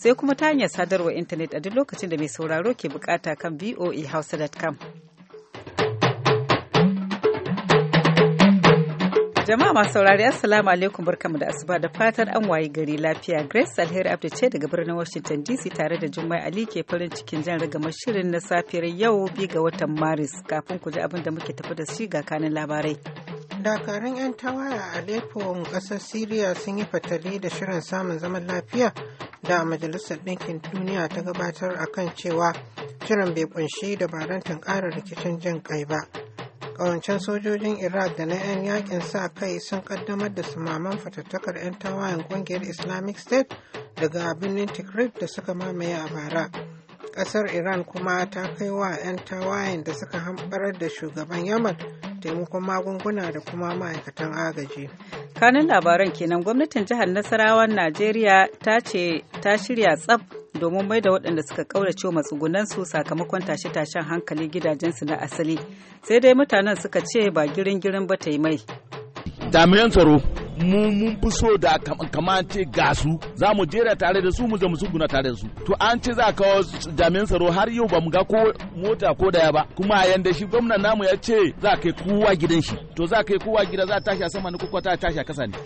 sai kuma ta hanyar sadarwar intanet a duk lokacin da mai sauraro ke bukata kan voahausa.com. Jama'a masu saurari Assalamu alaikum barkamu da asuba da fatan an waye gari lafiya Grace Alheri Abdu ce daga birnin Washington DC tare da Jummai Ali ke farin cikin jan ragamar shirin na safiyar yau bi ga watan Maris kafin ku ji abin da muke tafi da shi ga kanin labarai. Dakarun 'yan tawaya a Aleppo ƙasar Syria sun yi fatali da shirin samun zaman lafiya da majalisar ɗinkin duniya ta gabatar a kan cewa kiran bai kunshi dabarun tunkara rikicin jin kai ba ƙawancen sojojin iraq da na 'yan yakin sa kai sun kaddamar da sumaman fatattakar 'yan tawayen ƙungiyar islamic state daga birnin tikrit da suka mamaye a bara ƙasar iran kuma ta kai wa 'yan tawayen da suka hambarar da shugaban yaman taimakon magunguna da kuma ma'aikatan agaji. kanin labaran kenan gwamnatin jihar nasarawan najeriya ta ce ta shirya tsab domin mai da waɗanda suka ƙaurace su sakamakon tashe-tashen hankali gidajensu na asali sai dai mutanen suka ce ba girin-girin ba ta yi mai jami'an tsaro mu mun fi so da kama ce ga su za mu jera tare da su mu zama suguna tare da su to an ce za a kawo jami'an tsaro har yau ba mu ga ko mota ko daya ba kuma yanda shi gwamnan namu ya ce za a kai kowa gidan shi to za a kai kowa gida za a tashi a sama ne ko ta tashi a kasa ne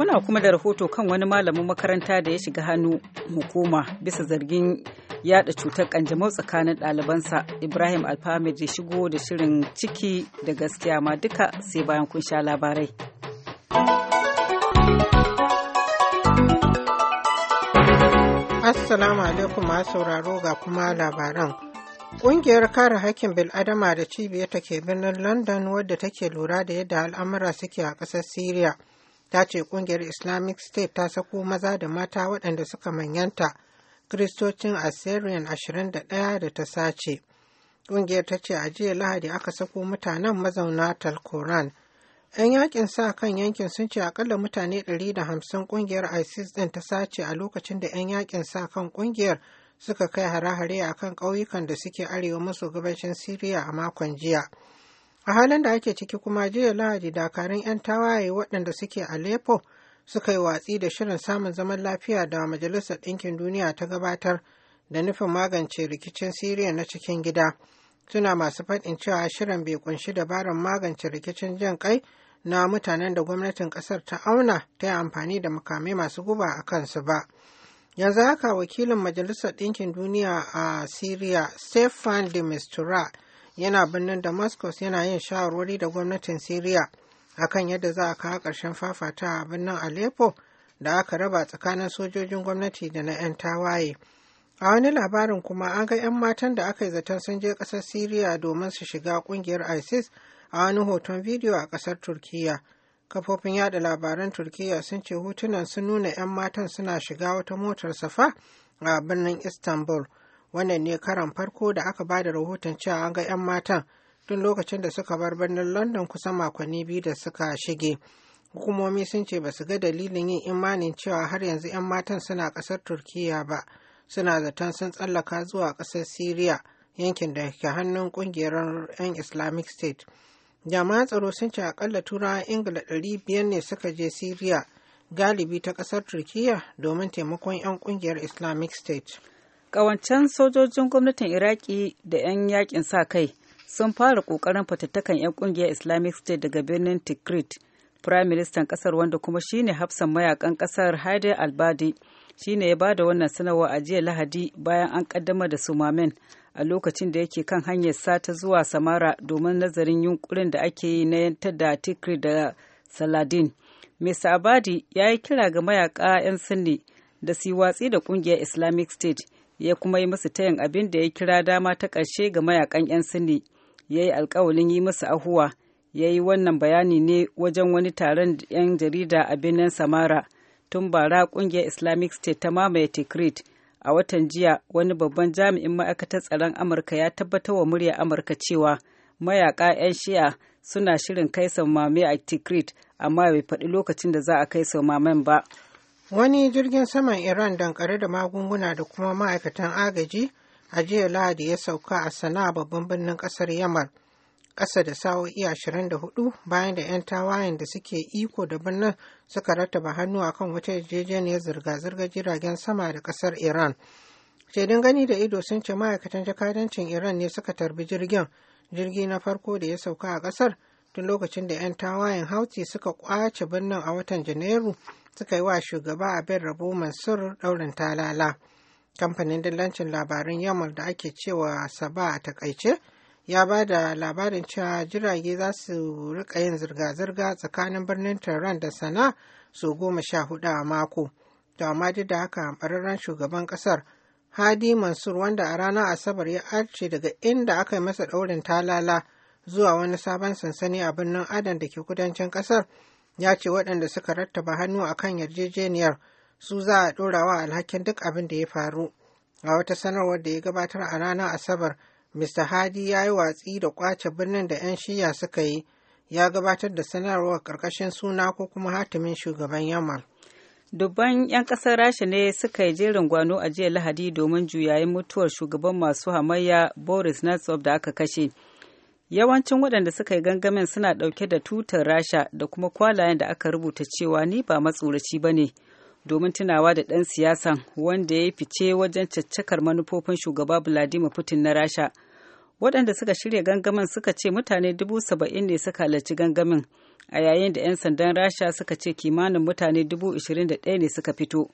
Muna kuma da rahoto kan wani malamin makaranta da ya shiga hannu hukuma bisa zargin yada cutar kanjamau tsakanin ɗalibansa Ibrahim Alfahamid ya shigo da shirin ciki da gaskiya ma duka sai bayan kun sha labarai. Assalamu alaikum ma sauraro ga kuma labaran. Ƙungiyar kare hakkin bil'adama da cibiyar ta ke birnin London wadda take lura da yadda al'amura suke a ƙasar Siriya ta ce kungiyar islamic state ta sako maza da mata waɗanda suka manyanta kiristocin assyrian 21 da ta sace kungiyar ta ce a jiya lahadi aka sako mutanen mazauna talkoran 'yan yakin sa kan yankin sun ce akalla mutane 150 kungiyar isis din ta sace a lokacin da 'yan yakin sa kan kungiyar suka kai hare-hare a kan ƙauyukan da suke arewa maso gabashin syria a makon jiya a halin da ake ciki kuma jiya lahadi dakarun 'yan tawaye waɗanda suke aleppo suka yi watsi da shirin samun zaman lafiya da majalisar ɗinkin duniya ta gabatar da nufin magance rikicin siriya na cikin gida suna masu faɗin cewa shirin bai kunshi dabarar magance rikicin jin kai na mutanen da gwamnatin ƙasar ta auna ta yi amfani da makamai masu guba a kansu ba yanzu haka wakilin majalisar ɗinkin duniya a siriya stefan de mistura yana birnin damascus yana yin shawarwari da gwamnatin syria akan yadda za a kawo ƙarshen fafata a birnin aleppo da aka raba tsakanin sojojin gwamnati da na 'yan tawaye a wani labarin kuma an ga 'yan matan da aka yi zaton sun je ƙasar syria domin su shiga ƙungiyar isis a wani hoton bidiyo a ƙasar Turkiyya. kafofin yada labaran Turkiyya sun ce hotunan sun nuna 'yan matan suna shiga wata motar safa a birnin istanbul wannan ne karan farko da aka ba da rahoton cewa an ga 'yan matan tun lokacin da suka bar birnin london kusan makonni biyu da suka shige hukumomi sun ce ba su ga dalilin yin imanin cewa har yanzu 'yan matan suna ƙasar turkiya ba suna zaton sun tsallaka zuwa ƙasar syria yankin da ke hannun ƙungiyar 'yan islamic state Jama'an tsaro sun ce akalla turawan ingila ɗari 500 ne suka je syria galibi ta ƙasar turkiya domin taimakon 'yan ƙungiyar islamic state Ƙawancen sojojin gwamnatin Iraki da 'yan yakin sa kai sun fara ƙoƙarin fatattakan 'yan ƙungiyar Islamic State daga birnin Tikrit. prime Ministan kasar wanda kuma shine hafsan mayakan kasar Haider Albadi shine ya bada wannan sanarwa a jiya Lahadi bayan an ƙaddamar da sumamen a lokacin da yake kan hanyar sata zuwa Samara domin nazarin yunkurin da ake yi na yantar da Tikrit da Saladin. Mr. Abadi ya yi kira ga mayaka 'yan Sunni da su watsi da ƙungiyar Islamic State ya kuma yi musu tayin abin da ya kira dama ta ƙarshe ga mayakan 'yan sini ya yi alkawalin yi musu ahuwa ya yi wannan bayani ne wajen wani taron 'yan jarida a birnin samara tun bara ƙungiyar islamic state ta mamaye tikrit a watan jiya wani babban jami'in ma'aikatar tsaron amurka ya tabbatar wa murya amurka cewa mayaka 'yan shi'a suna shirin kai samame a tikrit amma bai faɗi lokacin da za a kai mamen ba Wani jirgin saman Iran dankare da magunguna da kuma ma'aikatan agaji a jiya Lahadi ya sauka a sana'a babban birnin kasar Yamar, Ƙasa da sa'o'i 24 bayan da 'yan tawayen da suke iko da birnin suka rattaba hannu a kan wata yarjejeniyar zirga-zirgar jiragen sama da ƙasar Iran. Shaidun gani da ido sun ce ma'aikatan jakadancin Iran ne suka tarbi jirgin, jirgi na farko da ya sauka a ƙasar tun lokacin da 'yan tawayen hauti suka kwace birnin a watan Janairu suka yi wa shugaba abin rabu mansur daurin talala kamfanin dillancin labarin yamal da ake cewa saba a takaice ya ba da labarin cewa jirage za su rika yin zirga-zirga tsakanin birnin tehran da sana su goma sha hudu a mako to amma duk da haka bararren shugaban kasar hadi mansur wanda a ranar asabar ya arce daga inda aka yi masa daurin talala zuwa wani sabon sansani a birnin adan da ke kudancin kasar ya ce waɗanda suka rattaba hannu a kan yarjejeniyar su za a ɗorawa alhakin duk abin da ya faru a wata sanarwar da ya gabatar a ranar asabar mr hadi ya yi watsi da kwace birnin da 'yan shiya suka yi ya gabatar da sanarwar ƙarƙashin suna ko kuma hatimin shugaban yamal dubban 'yan kasar rasha ne suka yi jerin gwano a jiya lahadi domin juyayin mutuwar shugaban masu hamayya boris nasov da aka kashe Yawancin waɗanda suka yi gangamin suna ɗauke da tutar Rasha da kuma kwalayen da aka rubuta cewa ni ba matsoraci ba ne domin tunawa da ɗan siyasan wanda ya yi fice wajen caccakar manufofin shugaba Vladimir Putin na Rasha. Waɗanda suka shirya gangamin suka ce mutane dubu saba'in ne suka halarci gangamin a yayin da 'yan sandan Rasha suka ce kimanin mutane dubu ishirin da ɗaya ne suka fito.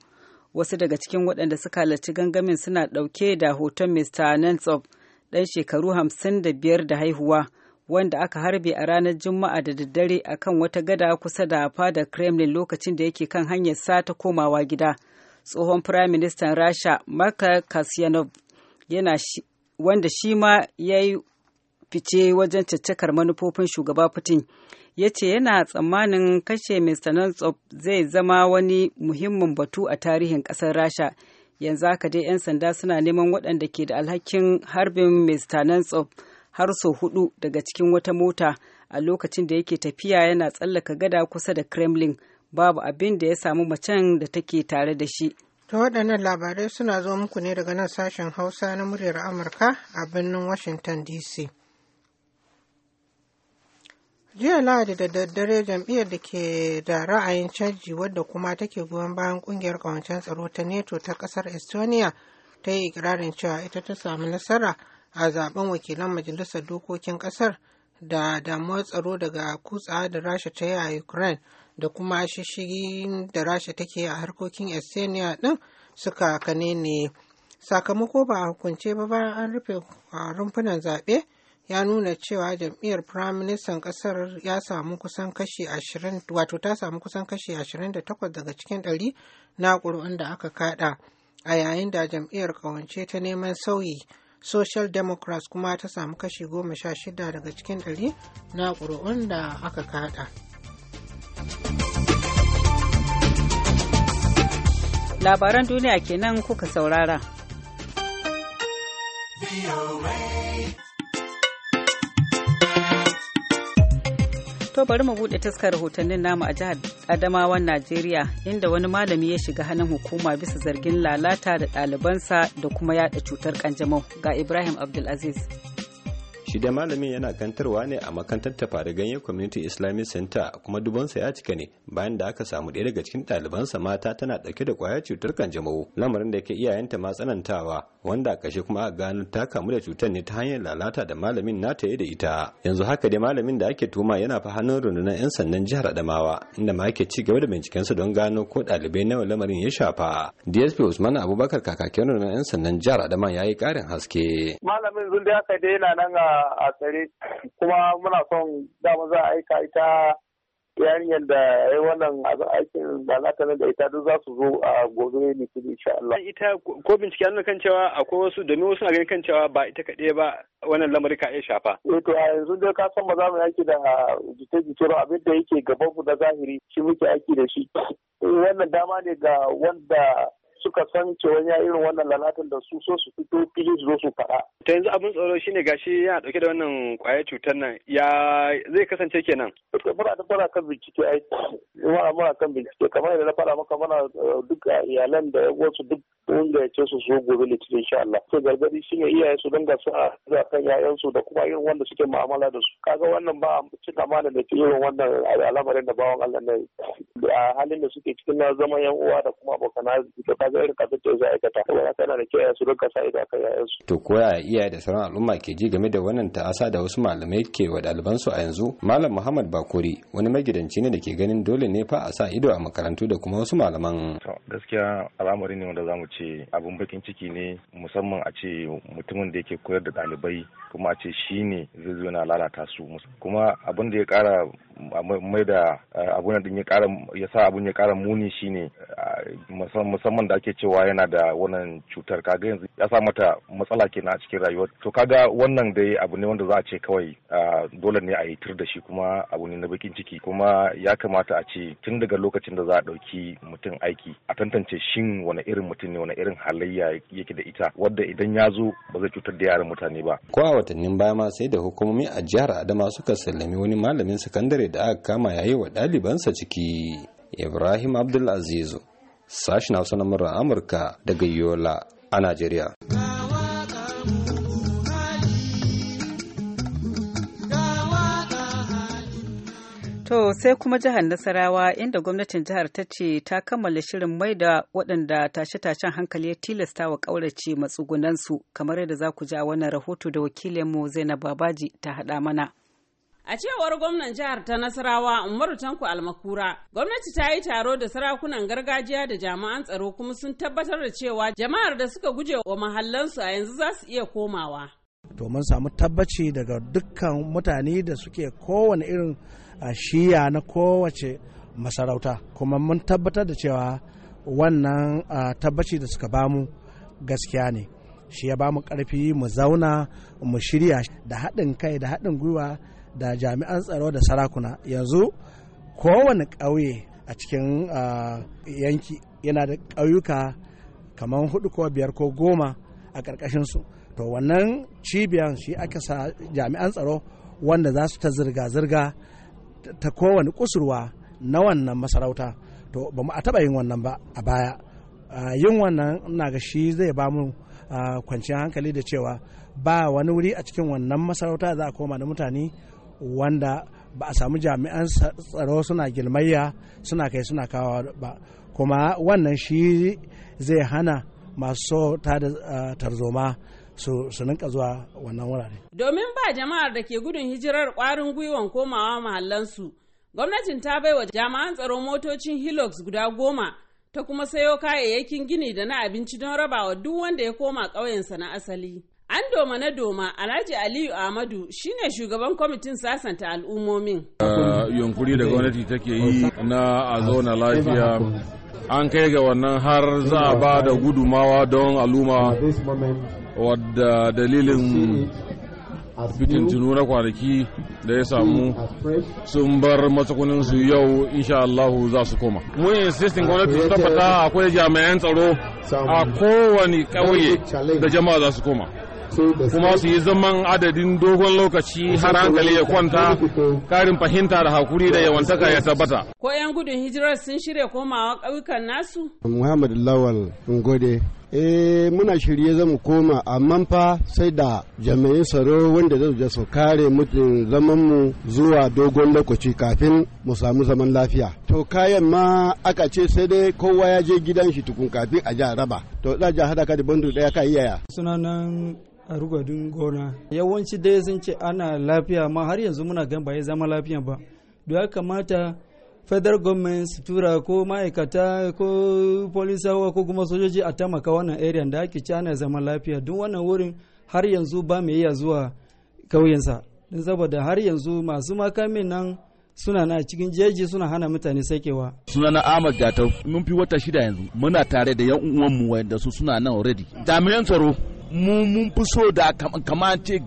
Wasu daga cikin waɗanda suka halarci gangamin suna ɗauke da hoton Mr. Nemtsov ɗan shekaru hamsin da biyar da haihuwa wanda aka harbe a ranar juma'a da daddare a kan wata gada kusa da fadar kremlin lokacin da yake kan hanyar sa ta komawa gida tsohon firaministan rasha marka kasyanov yana wanda shi ma ya yi fice wajen caccakar manufofin shugaba putin ya ce yana tsammanin kashe mr nantsov zai zama wani muhimmin batu a tarihin ƙasar rasha yanzu haka dai 'yan sanda suna neman waɗanda ke da alhakin harbin mr nantsov har sau hudu daga cikin wata mota a lokacin da yake tafiya yana tsallaka gada kusa da kremlin babu abin da ya samu macen da take tare da shi ta waɗannan labarai suna zo muku ne daga nan sashen hausa na muryar amurka a birnin washington dc jiya lahadi da daddare jam'iyyar da ke da ra'ayin canji wadda kuma take goyon bayan kungiyar kawancen tsaro ta neto ta kasar estonia ta yi ikirarin cewa ita ta samu nasara a zaben wakilan majalisar dokokin kasar da damuwar tsaro daga kutsa da rasha ta yi a ukraine da kuma shishigin da rasha take a harkokin estonia din suka kane ne sakamako ba a hukunce ba bayan an rufe rumfunan zaɓe ya nuna cewa jam'iyyar firaministan ƙasar ya samu kusan kashi 20 wato ta samu kusan kashi 28 daga cikin dari na ƙuri'un da aka kada a yayin da jam'iyyar ƙawance ta neman sauyi social democrats kuma ta samu kashi 16 daga cikin dari na ƙuri'un da aka kada labaran duniya kenan kuka saurara. To bari mu bude taskar rahotannin namu a jihar Adamawan Najeriya inda wani malami ya shiga hannun hukuma bisa zargin lalata da ɗalibansa da kuma yada cutar kanjamau ga Ibrahim Abdulaziz. shi dai malamin yana kantarwa ne a makantar da ganye community islamic center kuma dubansa ya cika ne bayan da aka samu ɗaya daga cikin ɗalibansa mata tana ɗauke da ƙwayar cutar kanjamau lamarin da ke iyayenta ma tsanantawa wanda a ƙarshe kuma aka gano ta kamu da cutar ne ta hanyar lalata da malamin nata ya da ita yanzu haka dai malamin da ake tuma yana fa hannun rundunar 'yan sannan jihar adamawa inda ma ake ci gaba da bincikensa don gano ko ɗalibai nawa lamarin ya shafa dsp usman abubakar kakakin rundunar 'yan sannan jihar Adama ya yi ƙarin haske malamin zun da aka daina nan a a tsare kuma muna son dama za a aika ita yarinyar da ya wannan aikin ba na ta da ita duk za su zo a gobe ne kudu insha Allah. Ita ko bincike an kan cewa akwai wasu domin wasu na ganin kan cewa ba ita kaɗai ba wannan lamarin ka iya shafa. Eh to a yanzu dai ka san ba za mu yaki da jita-jita abin da yake gaban mu na zahiri shi muke aiki da shi. Eh, wannan dama ne ga wanda suka san cewa ya irin wannan lalatan da su so su fito fili su zo su faɗa. ta yanzu abin tsoro shine gashi yana dauke da wannan kwayar cutar nan ya zai kasance kenan. fara da fara kan bincike ai muna kan bincike kamar yadda na fara maka muna eh, duk iyalan da wasu duk wanda ya ce su zo gobe litinin insha Allah. Sai gargadi shine iyaye su dinga su a kan yayansu da kuma irin wanda suke mu'amala da su kaga wannan ba cika amana da ke irin wannan al'amarin da bawan Allah na a halin da suke cikin na zaman yan uwa da kuma abokan arziki to kaga irin kafin da a aikata saboda kana da kiyaye su rika sa ido akan yayan su to koya iyaye da sauran al'umma ke ji game da wannan ta'asa da wasu malamai ke wa ɗaliban su a yanzu malam muhammad bakori wani magidanci ne da ke ganin dole ne fa a sa ido a makarantu da kuma wasu malaman gaskiya al'amari ne wanda zamu ce abun bakin ciki ne musamman a ce mutumin da yake koyar da ɗalibai kuma a ce shine zai zo na lalata su kuma abin da ya kara mai da eh, abun din ya kara ya sa abun ya kara muni shine eh, musamman da ake cewa yana da wannan cutar kaga yanzu ya sa mata matsala kenan a cikin rayuwa to kaga wannan dai abu ne wanda za a ce kawai eh, dole ne a yi tur da shi kuma abu ne na bakin ciki kuma ya kamata a ce tun daga lokacin da za a ɗauki mutum aiki a tantance shin wani irin mutum ne wani irin halayya yake da ita wadda idan ya zo ba zai cutar da yaran mutane ba ko a watannin baya ma sai da hukumomi a jihar Adama suka sallami wani malamin sakandare da aka kama yayi wa ɗalibansa ciki ibrahim abdulaziz sashen hausa na murar amurka daga yola a najeriya To sai kuma jihar Nasarawa inda gwamnatin jihar ta ce ta kammala shirin mai da waɗanda tashe-tashen hankali ya tilasta wa ƙaurace matsugunansu kamar yadda za ku ji a wannan rahoto da wakilinmu Zainab Babaji ta haɗa mana. A cewar gwamnan jihar ta Nasarawa Umaru tanku Almakura, gwamnati ta yi taro da sarakunan gargajiya da jami'an tsaro kuma sun tabbatar da cewa jama'ar da suka guje wa mahallansu a yanzu za su iya komawa. To mun samu tabbaci daga dukkan mutane da suke kowane irin shiya na kowace masarauta kuma mun tabbatar da cewa wannan tabbaci da suka bamu gaskiya ne shi ya bamu karfi mu zauna mu shirya da haɗin kai da haɗin gwiwa da jami'an tsaro da sarakuna yanzu kowane ƙauye a cikin yanki yana da ƙauyuka kamar hudu ko biyar ko goma a su to wannan cibiyan shi aka sa jami'an tsaro wanda za su ta zirga-zirga ta kowane kusurwa na wannan masarauta to ba mu a taɓa yin wannan ba a baya yin wannan na ga shi zai ba mu kwanciyar hankali da cewa ba wani wuri a cikin wannan masarauta za a koma da mutane wanda ba a samu jami'an tsaro suna gilmayya suna kai suna kawo ba kuma wannan shi zai hana masu ta da eh, tarzoma su ninka zuwa wannan wurare. domin ba jama'ar da ke gudun hijirar kwarin gwiwan komawa mahallansu gwamnatin ta baiwa jami'an tsaro motocin hilux guda goma ta kuma sayo kayayyakin gini da na abinci don rabawa duk wanda ya koma ƙauyensa na asali. An doma na doma Alhaji Aliyu Ahmadu shine shugaban kwamitin sasanta al'ummomin. Uh, yunkuri da gwamnati take yi na a zauna lafiya an kai ga wannan har za a ba da gudumawa don al'umma wadda dalilin tunu na kwanaki da ya samu sun bar matsakunin su yau insha Allahu za su koma. Mun insistin gwamnati su tabbata akwai jami'an tsaro a kowane ƙauye da jama'a za su koma. kuma su yi zaman adadin dogon lokaci har hankali ya kwanta karin fahimta da hakuri da yawantaka ya tabbata. Ko 'yan gudun hijirar sun shirya komawa ƙauyukan nasu? Muhammad Lawal Ngode eh muna shirye zamu koma amma fa sai da jami'in tsaro wanda zai su kare mutum zaman mu zuwa dogon lokaci kafin mu samu zaman lafiya to kayan ma aka ce sai dai kowa ya je gidan shi tukun kafin a ja raba to da ja haɗa ka da bandu daya ka iyaya sunanan a rugadin gona yawanci dai sun ce ana lafiya amma har yanzu muna gan ba ya zama lafiya ba da ya kamata federal government su tura ko ma'aikata ko polisawa ko kuma sojoji a taimaka wannan area da ake ci ana zama lafiya duk wannan wurin har yanzu ba mai iya zuwa kauyensa don saboda har yanzu masu makamin nan suna na cikin jeji suna hana mutane sakewa. Suna na Ahmad Gatau, mun fi wata shida yanzu, muna tare da 'yan uwanmu wanda su suna nan already. Damiyan tsaro mu mun fi so da kamar ce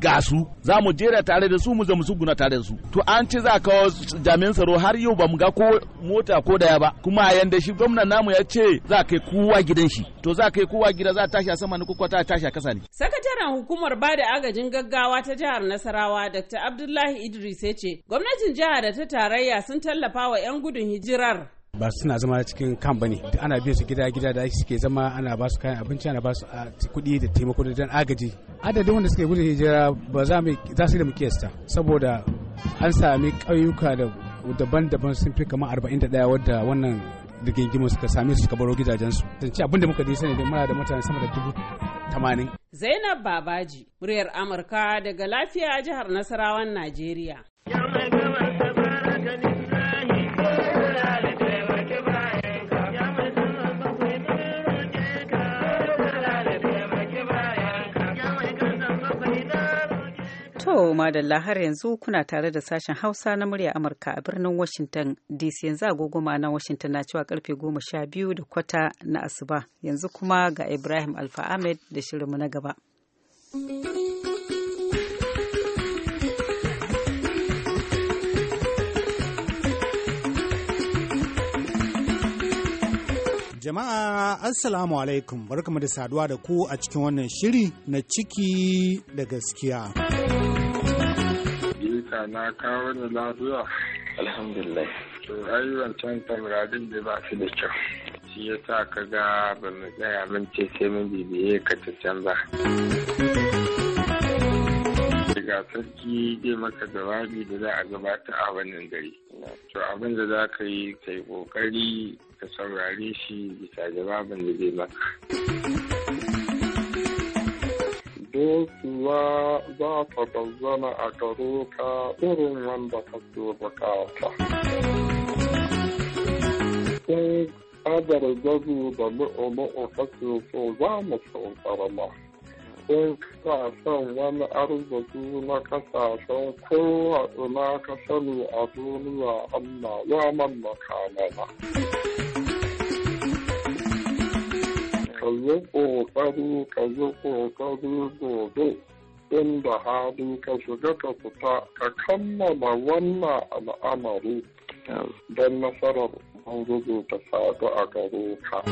za mu jera tare da su mu zama su guna tare da su to an ce za kawo jami'an tsaro har yau ba mu ga ko mota ko daya ba kuma a yanda shi gwamnan namu ya ce za kai kowa gidan shi to za kai kowa gida za tashi a sama ne ko ta tashi a kasa ne sakataren hukumar bada agajin gaggawa ta jihar Nasarawa Dr. Abdullahi Idris ya ce gwamnatin jihar da ta tarayya sun tallafa wa 'yan gudun hijirar ba suna zama cikin kan bane ana biyan su gida gida da suke zama ana ba su kayan abinci ana ba su ah, kuɗi da taimako da dan agaji adadin wanda suke gudun hijira ba za mu za su da mu kiyasta saboda an sami ƙauyuka da daban-daban sun fi kamar 41 wadda wannan rigingimu suka same su suka baro gidajensu. abin abinda muka dai sani da muna da mutane sama da dubu tamanin. Zainab Babaji, muryar Amurka daga lafiya jihar Nasarawan Najeriya. To, madalla har yanzu kuna tare da sashen Hausa na murya Amurka a birnin Washington DC yanzu agogo na Washington na cewa karfe goma sha biyu da kwata na asuba. Yanzu kuma ga Ibrahim Alfa Ahmed da shirinmu na gaba. Jama'a Assalamu alaikum barkamu da saduwa da ku a cikin wannan shiri na ciki da gaskiya. na kawo ni lafiya. Alhamdulillah. To ai wancan taurarin da ba su da kyau. Shi ya sa ka ga ba mu tsaya mun ce sai mun bibiye ka ta canza. Daga sarki zai maka jawabi da za a gabata a wannan gari. To abin da za ka yi ka yi ƙoƙari ka saurare shi bisa jawabin da zai maka. ko kuwa za ta bazzana a garo ka irin wanda ka so bukata. Sai kadar zazu da lu'ulu'u ka so so za mu sauƙarma. Sai ka san wani arziki na kasashen kowa na ka sani a duniya Allah ya mallaka mana. zo ƙoƙari ka yi ƙoƙari gobe da hali ka shiga ka fita ka kammala wannan al'amari don nasarar ubangiji ta sadu a gare ka.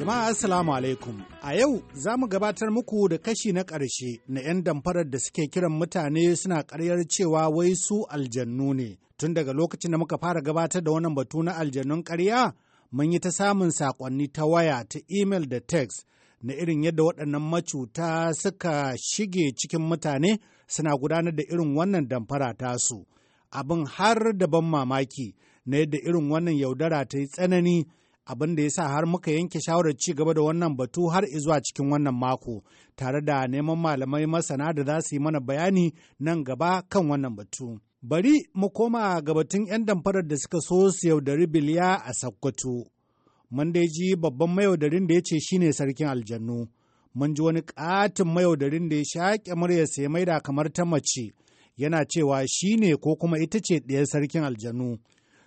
Jama'a Assalamu alaikum. A yau za mu gabatar muku da kashi na ƙarshe na 'yan damfarar da suke kiran mutane suna ƙaryar cewa wai su aljannu ne. Tun daga lokacin da muka fara gabatar da wannan batu na aljannun ƙarya mun yi ta samun saƙonni ta waya ta imel da text na irin yadda waɗannan macuta suka shige cikin mutane suna gudanar da irin wannan damfara tasu abin har da ban mamaki na yadda irin wannan yaudara ta yi tsanani abin da ya sa har muka yanke shawarar ci gaba da wannan batu har zuwa cikin wannan mako tare da neman malamai masana da za su yi mana bayani nan gaba kan wannan batu. Bari mu koma ga batun 'yan damfarar da suka so su yaudari biliya a Sakkwato. Mun dai ji babban mayaudarin da ya ce shine sarkin aljannu. Mun ji wani katin mayaudarin da ya shaƙe murya sai maida kamar ta mace yana cewa shine ko kuma ita ce ɗaya sarkin aljannu.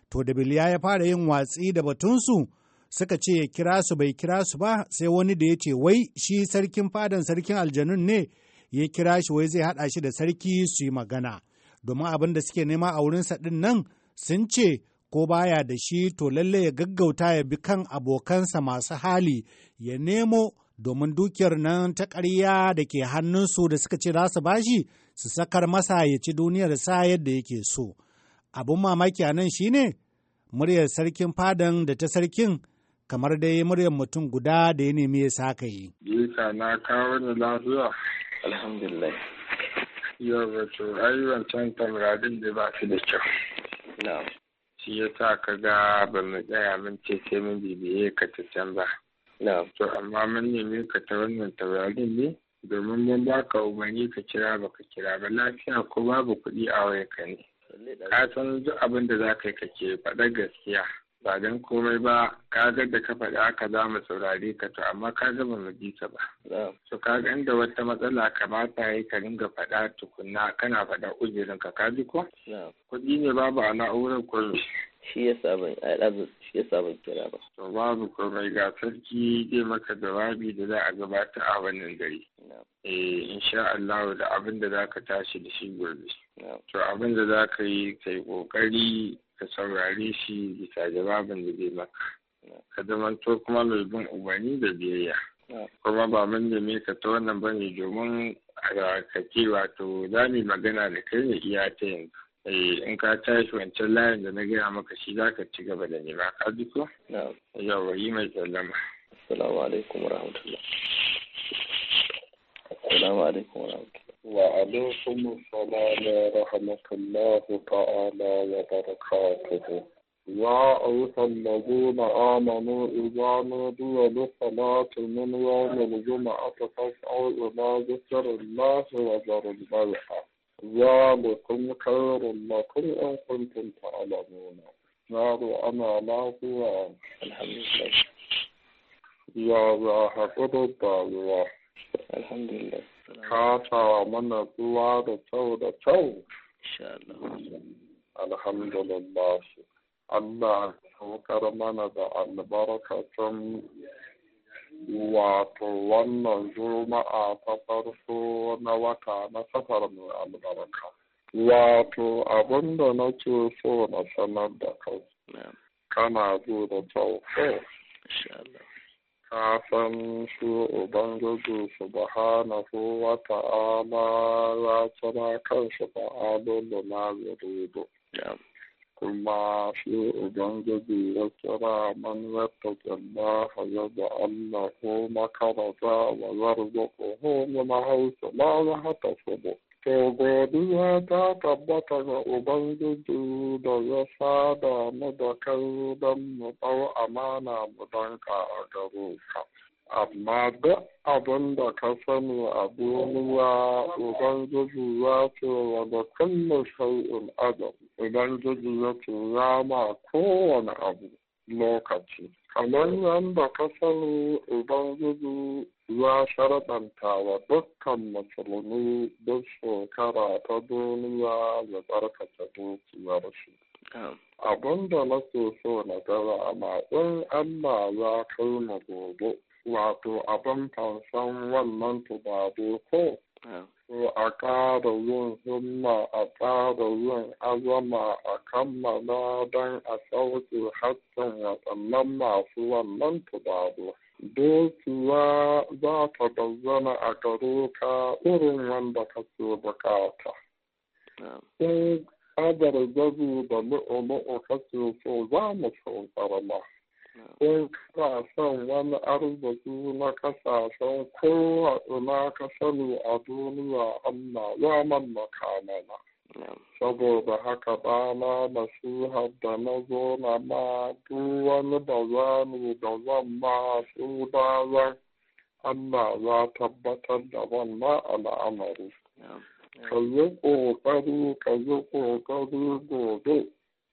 To da biliya ya fara yin watsi da batunsu suka ce ya kira su bai kira su ba sai wani da ya ce wai shi sarkin fadan sarkin aljanun ne ya kira shi wai zai haɗa shi da sarki su yi magana. domin abin da suke nema a wurinsa ɗin nan sun ce ko baya da shi to lalle ya gaggauta ya bi kan abokansa masu hali ya nemo domin dukiyar nan ta ƙarya da ke hannunsu da suka ce za su bashi su sakar masa ya ci duniyar sa yadda yake so abin mamaki a nan shine muryar sarkin fadan da ta sarkin kamar dai muryar mutum guda da ya nemi ya sa ka yi. Jika na kawo ni lafiya. Alhamdulillah. Yau wato ai wancan da ba su da kyau shi ya sa ka ga ba mu tsaya mun ce sai mun bibiye ka ta can ba to amma mun nemi ka ta wannan tamaradin ne domin mun ba ka umarni ka kira ba ka kira ba lafiya ko babu kuɗi a waya ka ne ka san duk abin da za ka yi ka ke faɗa gaskiya ba don komai ba ka ga da ka faɗi aka za mu saurare ka to amma ka ga mu ji ta ba to ka ga inda wata matsala kamata yi ka ringa faɗa tukunna kana faɗa ujirin ka kaji ko kuɗi ne babu a na'urar ko shi ya sabon shi ya sabon kira ba to babu komai ga sarki zai maka jawabi da za a gabata a wannan gari eh insha Allah da abin da tashi da shi gobe to abin da zaka yi kai kokari ka saurare shi bisa jawabin da zai maka ka to kuma mai bin umarni da biyayya kuma ba mun me ka ta wannan bane domin ka ce wato za mu magana da kai ne iya ta yanzu eh, in ka tashi wancan layin da na gaya maka shi za ka ci gaba da nema ka ji ko yawa yi mai sallama assalamu alaikum warahmatullahi assalamu alaikum warahmatullahi وعليكم السلام ورحمة الله تعالى وبركاته يا أيها الذين آمنوا إذا نودي للصلاة من يوم الجمعة فاسعوا إلى ذكر الله وذروا البيع ذلكم خير لكم إن كنتم تعلمون قالوا أنا لا هو الحمد لله يا ذا حفظ الحمد لله ka mana ruwa da tau da tau alhamdulillah Allah saukar mana da albarkatun wato wannan juma'a ta farko na wata na safar mai albarka wato abin da nake so na sanar da kai kana zo da tau kafan su Ubangiji subhanahu wa ta'ala ya kira kansu fa'adulu na yuridu. Kuma shi Ubangiji ya kira man yattaki Allah ya da Allah ko makarata wa yarzuquhu min haythu la yahtasib. To godiya ta tabbata ga Ubangiji da ya sada mu da kai don mu ɗau amana mu danka a gare ka. Amma duk abin da ka sani a duniya Ubangiji ya ce wa da kullum shay'in adam. Ubangiji ya ce ya ma kowane abu lokaci. Kamar yadda ka sani Ubangiji ya sharaɗanta wa dukkan musulmi duk shekara ta duniya ya tsarkake dukiyar shi. Abin da ke so na gaba ma in Allah ya kai gobe, wato abin fansan wannan tubabe ko Ko a ƙara yin himma a ƙara yin azama a kammala don a sauke haƙƙin waɗannan masu wannan tubabe. dukiya za ta bazzana a gare ka irin wanda kake bukata. In kadar gazu da lu'ulu'u kake so za mu saukar ma. In kana son wani arziki na kasashen kowa ina ka sani a duniya Allah ya mallaka mana. saboda haka ɗana nasiha da na zo na ma duk wani bazanu da zan ma su bazan Allah za tabbatar da na al'amari. Ka yi ƙoƙari, ka yi ƙoƙari gobe,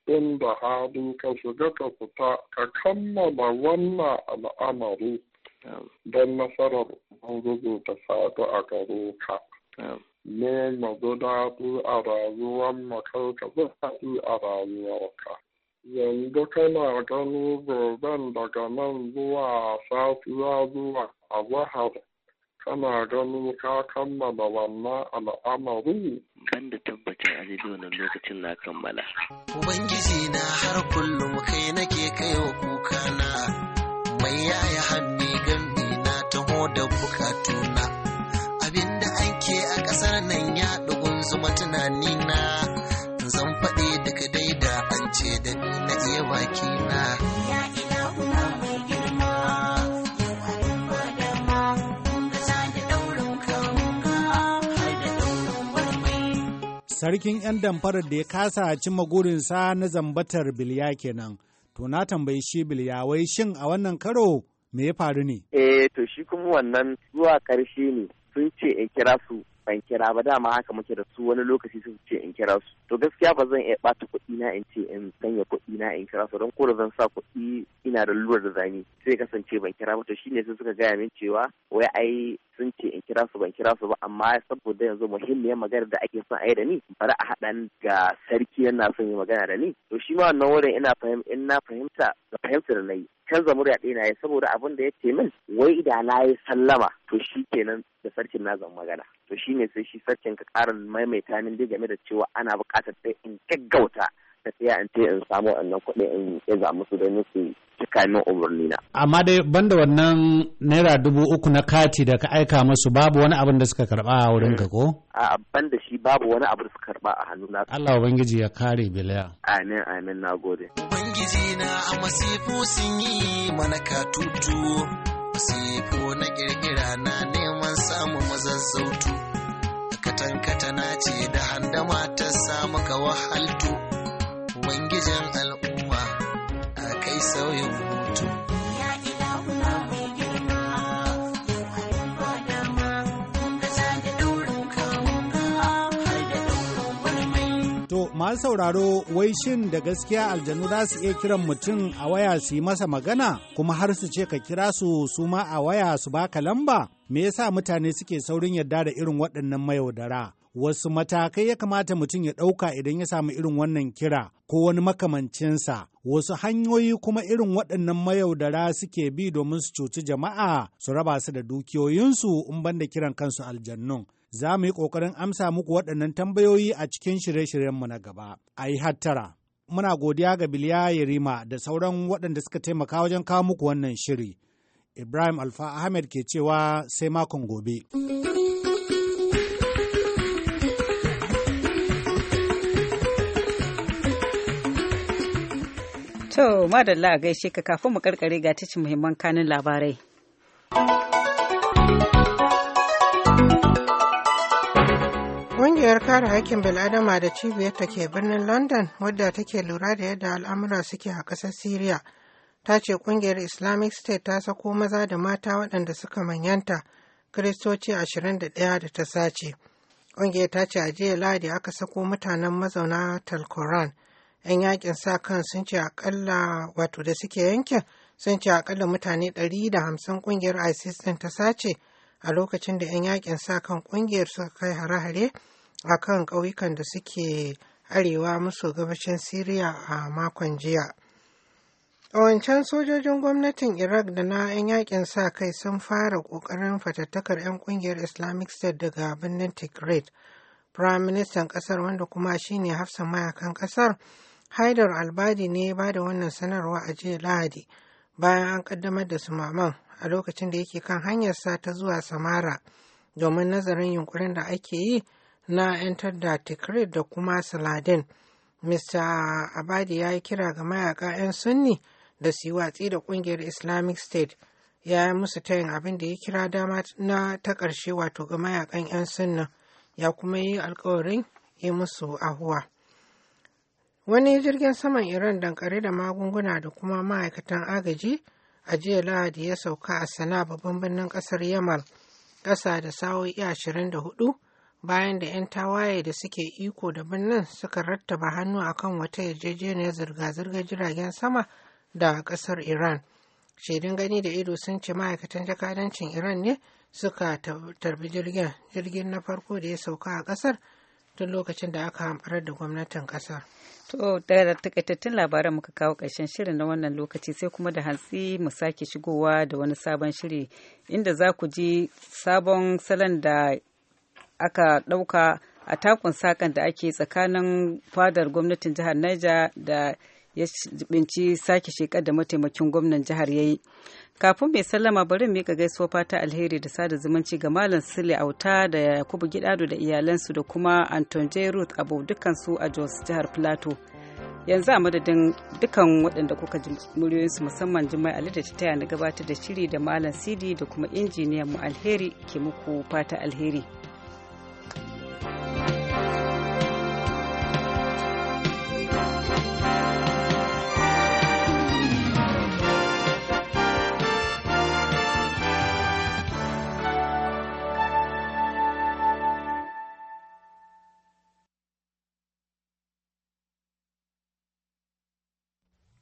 inda hali ka shiga ka fita, ka kammala wannan al'amari don nasarar Ubangiji ta sadu a gare ka. ne magudaɗu a rayuwar makarka zai haɗu a rayuwarka. Yanzu kana gano goben daga nan zuwa safiya zuwa a zahar kana gano ka kammala wannan al'amari. Kan da tabbata a wannan lokacin na kammala. Ubangiji na har kullum kai nake kai wa kuka na mai yaya hannu gandi na taho da bukatuna. nan ya ɗugun zuma tunani na zan faɗe daga dai da an ce da ni na iya baki na Sarkin 'yan damfarar da ya kasa cimma gurinsa na zambatar biliya kenan. To na tambayi shi biliya wai shin a wannan karo me ya faru ne? Eh to shi kuma wannan zuwa ƙarshe ne sun ce in kira su ban kira ba dama haka muke da su wani lokaci su ce in kira su to gaskiya ba zan iya bata kuɗi na in ce in sanya kuɗi na in kira su don ko da zan sa kuɗi ina da lura da zani sai kasance ban kira ba to shine sai suka gaya min cewa wai ai sun ce in kira su ban kira su ba amma saboda yanzu muhimmiyar magana da ake son a da ni bari a haɗa ga sarki yana son yi magana da ni to shi ma wannan wurin ina na fahimta da fahimta da na yi canza murya ɗina ya saboda abin da ya ce min wai na yi sallama to shi kenan da sarkin na zan magana to shi ne sai shi sarkin ka ƙarin maimaita min dai game da cewa ana buƙatar sai in gaggauta ta tsaya in in samu wannan kuɗi in iza su don su cika min umarni na. Amma dai banda wannan naira dubu uku na kati da ka aika masu babu wani abin da suka karba a wurin ka ko? A banda shi babu wani abin da suka karba a hannu na. Allah ubangiji ya kare bilaya. Amin amin na gode. Ubangiji na a masifu sun yi mana tutu. Masifu na kirkira na neman samun mazazzautu. Katankata na ce da handama ta samu ka wahaltu. Ubangijin sauyin hutu. To, masu sauraro wai shin da gaskiya aljanu za su iya kiran mutum a waya su yi masa magana kuma har su ce ka kira su su ma a waya su baka lamba? Me yasa mutane suke saurin yarda da irin waɗannan mayaudara? Wasu matakai ya kamata mutum ya ɗauka idan ya samu irin wannan kira ko wani makamancinsa wasu hanyoyi kuma irin waɗannan mayaudara suke bi domin su cuci jama'a su raba su da dukiyoyinsu in banda kiran kansu aljannun za mu yi ƙoƙarin amsa muku waɗannan tambayoyi a cikin shirye-shiryenmu na gaba a yi hattara muna godiya ga biliya yarima da sauran waɗanda suka taimaka wajen kawo muku wannan shiri ibrahim alfa ahmed ke cewa sai makon gobe. To, madalla a gaishe ka kafin mu karkare ga tashin muhimman kanin labarai. Ƙungiyar kare haƙƙin bil'adama da cibiyar ta ke birnin London wadda take lura da yadda al'amura suke a ƙasar Siriya ta ce ƙungiyar Islamic State ta sako maza da mata waɗanda suka manyanta Kiristoci 21 da ta sace. Ƙungiyar ta ce a jiya Lahadi aka sako mutanen mazauna Talkoran 'yan yakin sa kan sun ce akalla wato da suke yankin sun ce akalla mutane 150 kungiyar isis din ta sace a lokacin da 'yan yakin sa kan kungiyar suka kai hare-hare a kan ƙauyukan da suke arewa maso gabashin syria a makon jiya Ƙawancen sojojin gwamnatin iraq da na 'yan yakin sa kai sun fara ƙoƙarin fatattakar 'yan kungiyar islamic state daga birnin tigray prime Minister kasar wanda kuma shine hafsan mayakan kasar haidar albadi ne ya ba da wannan sanarwa a jiya lahadi bayan an kaddamar da sumaman a lokacin da yake kan hanyarsa ta zuwa samara domin nazarin yunkurin da ake yi na 'yantar da tikrit da kuma saladin mr abadi ya yi kira ga mayaka 'yan sunni da su yi watsi da kungiyar islamic state ya yi musu tayin abin da ya kira dama na ta ƙarshe wato ga mayakan 'yan sunna ya kuma yi alkawarin yi musu ahuwa. Wani jirgin saman Iran dankare da magunguna da kuma ma'aikatan agaji a jiya Lahadi ya sauka a sana babban birnin kasar Yamal ƙasa da sa'o'i hudu bayan da 'yan tawaye da suke iko da birnin suka rattaba hannu akan wata yarjejeniyar zirga-zirgar jiragen sama da ƙasar Iran. Shaidun gani da ido sun ce ma'aikatan jakadancin Iran ne suka tarbi jirgin jirgin na farko da ya sauka a ƙasar tun lokacin da aka hamfarar da gwamnatin kasar To da takaitattun labaran muka kawo ƙarshen shirin na wannan lokaci sai kuma da hantsi mu sake shigowa da wani sabon shiri inda za ku ji sabon salon da aka ɗauka a takun sakan da ake tsakanin fadar gwamnatin jihar Niger da ya binci sake shekar da mataimakin gwamnan jihar ya yi kafin mai sallama bari mika gaisuwa fata alheri da sada zumunci ga malam sule auta da yakubu gidado da iyalansu da kuma anton j ruth abu dukansu a jos jihar plateau yanzu a madadin dukan waɗanda kuka ji muryoyinsu musamman jimai ali da ta taya na gabatar da shiri da malam sidi da kuma injiniyan mu alheri ke muku fata alheri